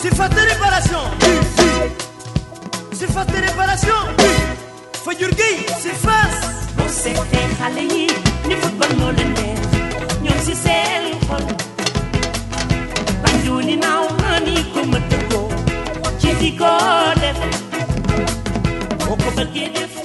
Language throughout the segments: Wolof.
surface de de réparation fa jur gi surface boo seetee xale yi ni football moo leen neex ñoom si seen xol banjuli naaw naa ni ko mëtt ko ci di ko def boo ko bëggee def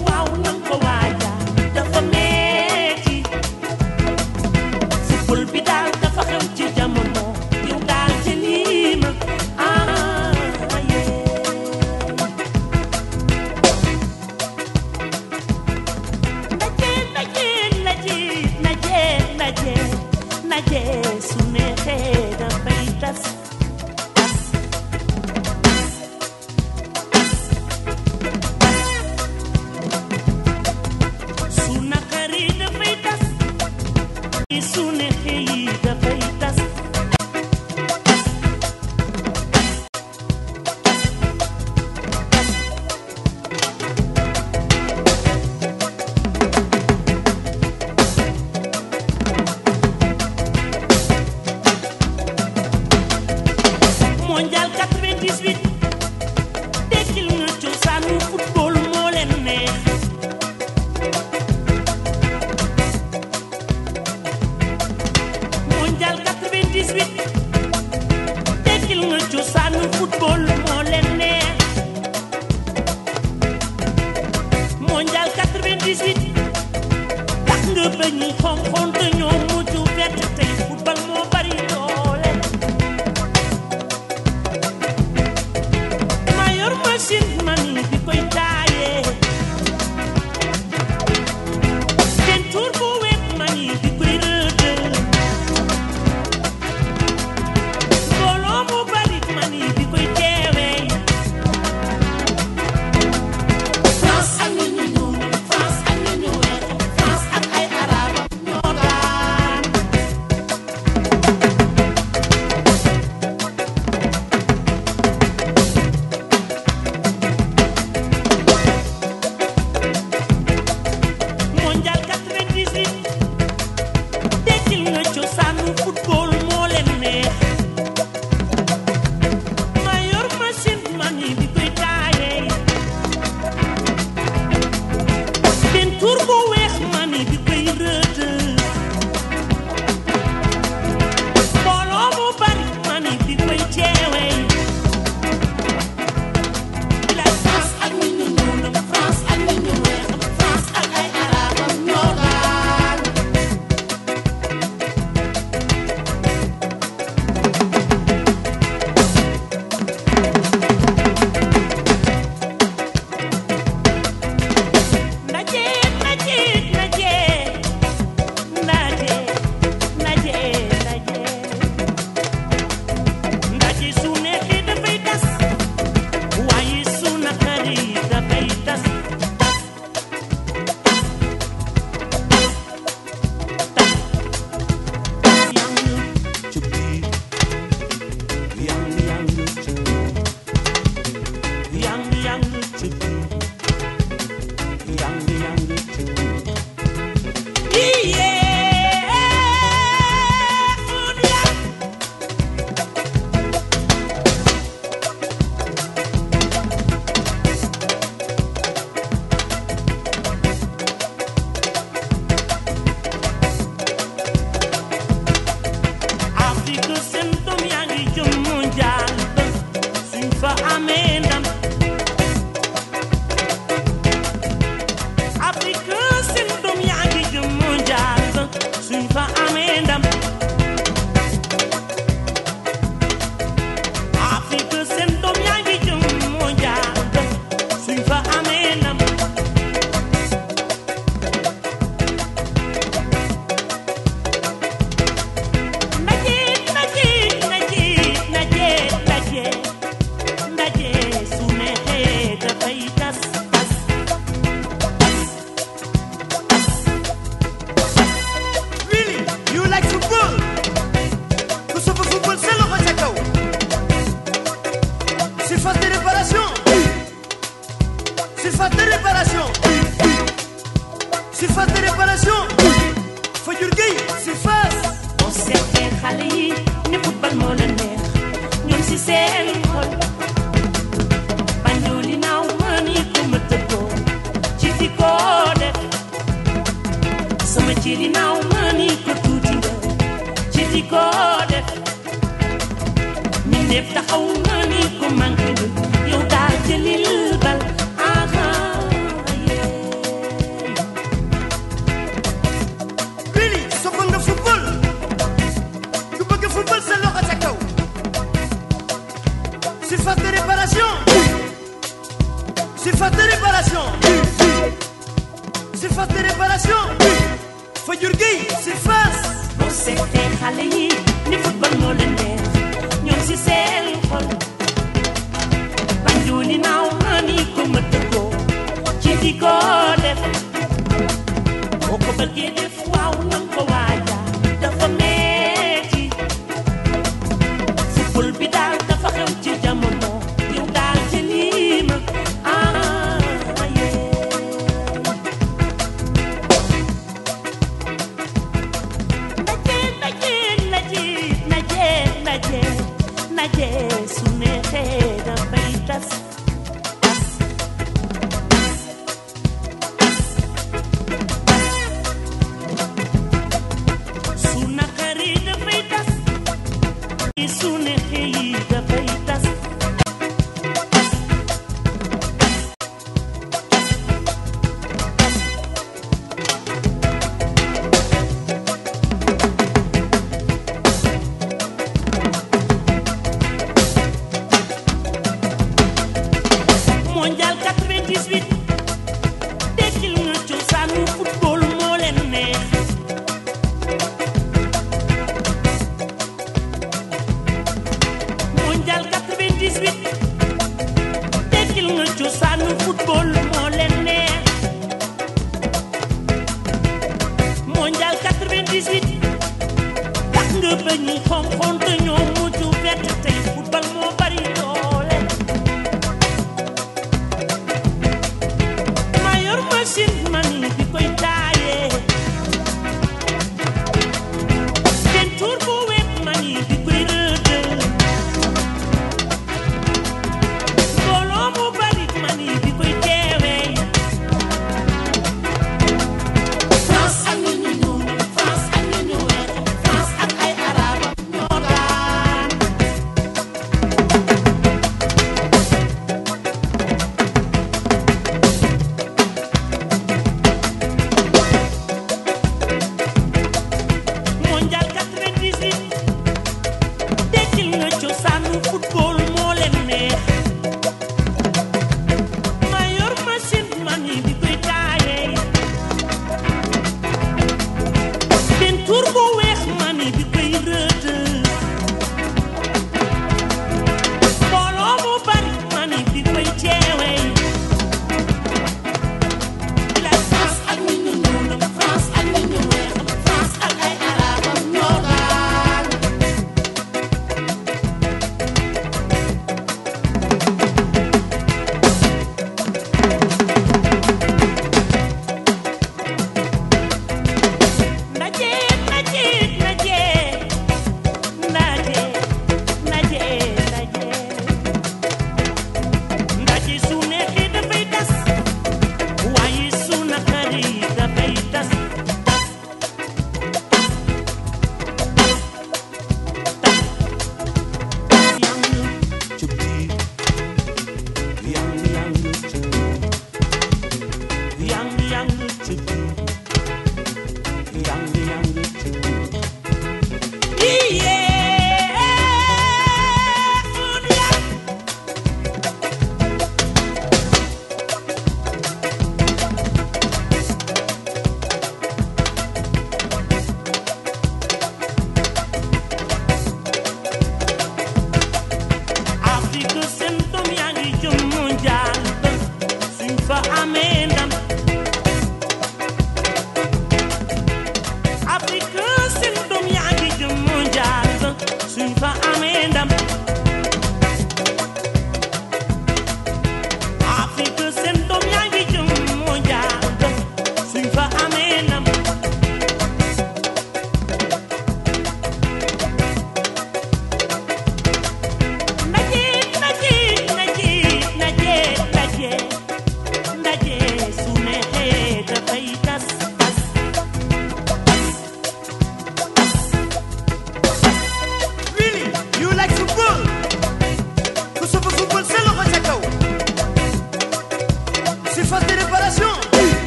здесь ведь nadie, nadie es un eje de peitas.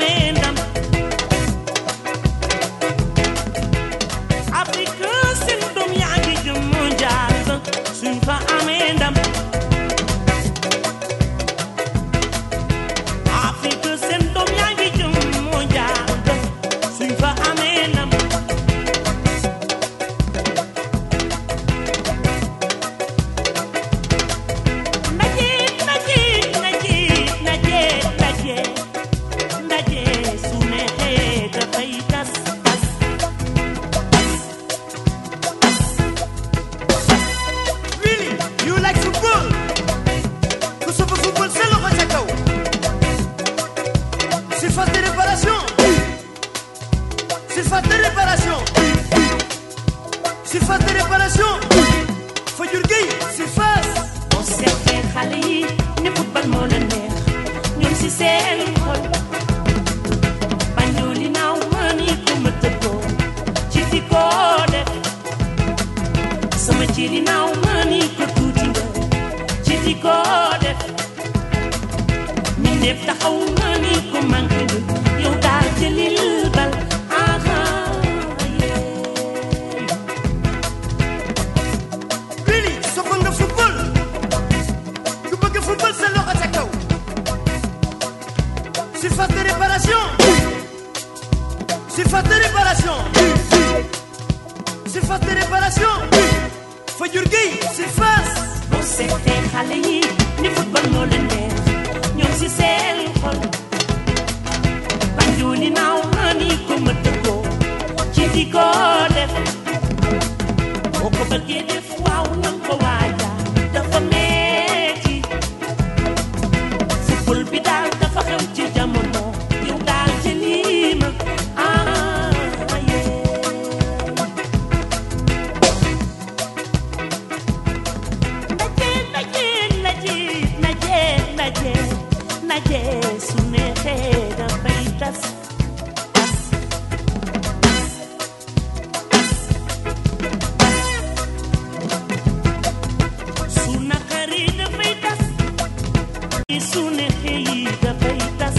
amén. def taxaw na ni ko lu yow daal jëlil bal aha Billy sopp nga football ku bëgg football sa loxo ca kaw surface de réparation surface de de réparation fa jur gi surface boo seetee xale yi ni football moo leen si seen xol banju ni naaw naa ni ko mëtt ko ci di ko def boo Pisune hei da peitas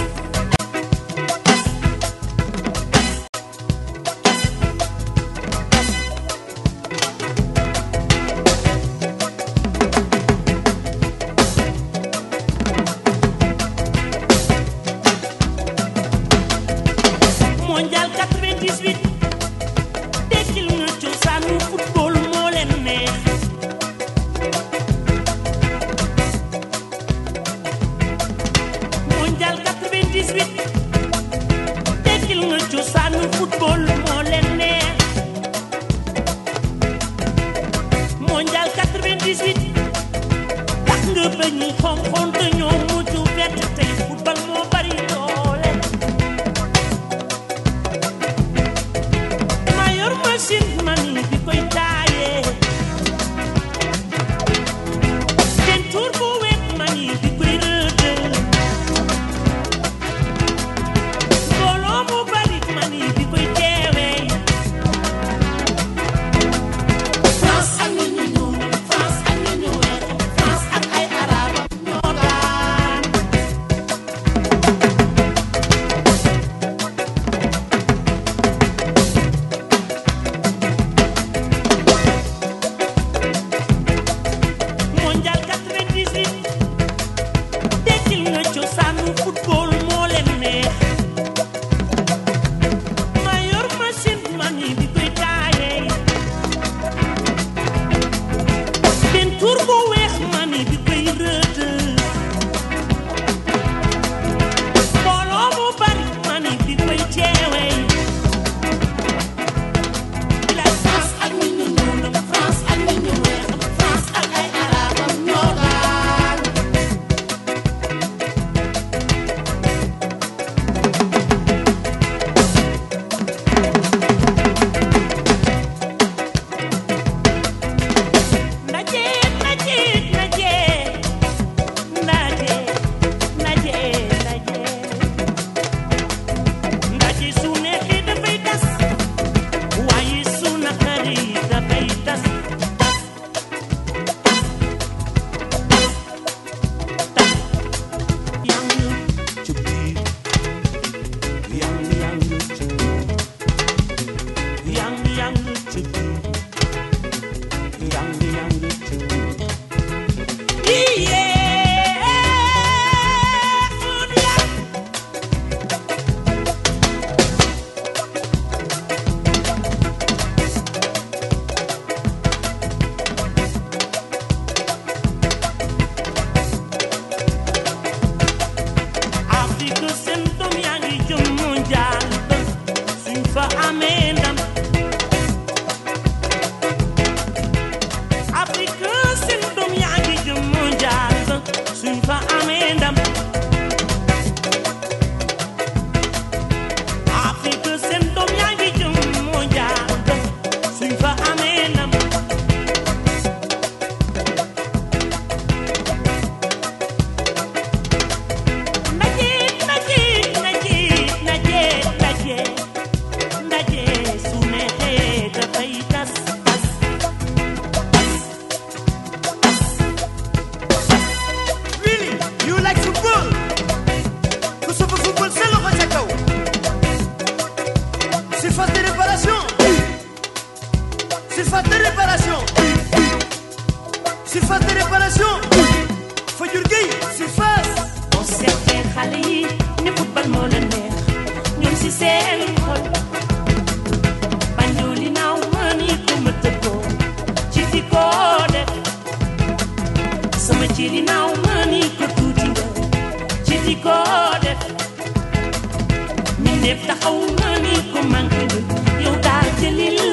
surface de réparation Fajur Gueye surface concerté xale yi ni football moo la neex ñoom si seen xol banjuli naaw man yi ko ma tëggoo ci fi ko def sama ci li naaw man yi ko tuuti nga ci fi ko def min def taxaw man yi ko manqué yow daal jëlil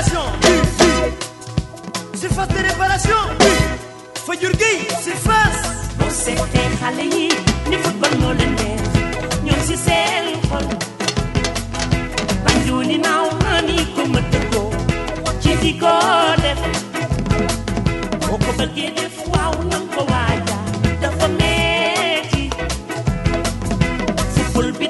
réparation surface de réparation fa jur géy surface boo seetee xale yi ni football moo leen neex ñoom si seen xol banjuli naaw naa ni ko mëtt ko ci di ko def boo ko bëggee def waaw nan ko waaja dafa metti football bi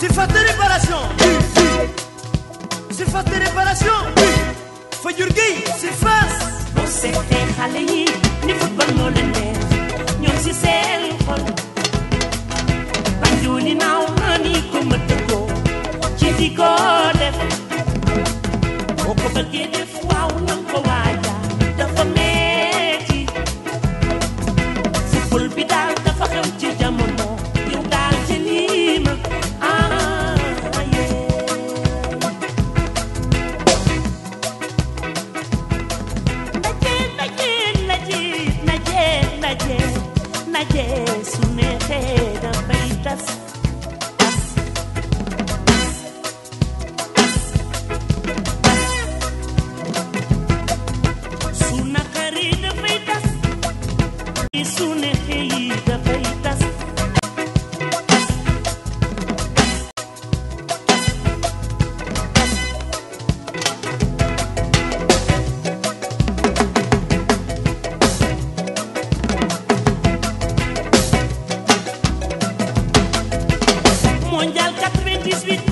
surface de de réparation. fa jur gi surface. boo seetee xale yi ni football moo leen neex ñoom si seen xol. banjul yi naaw naa ni ko mënta ko ci di ko def boo ko bëggee def waaw na ko свет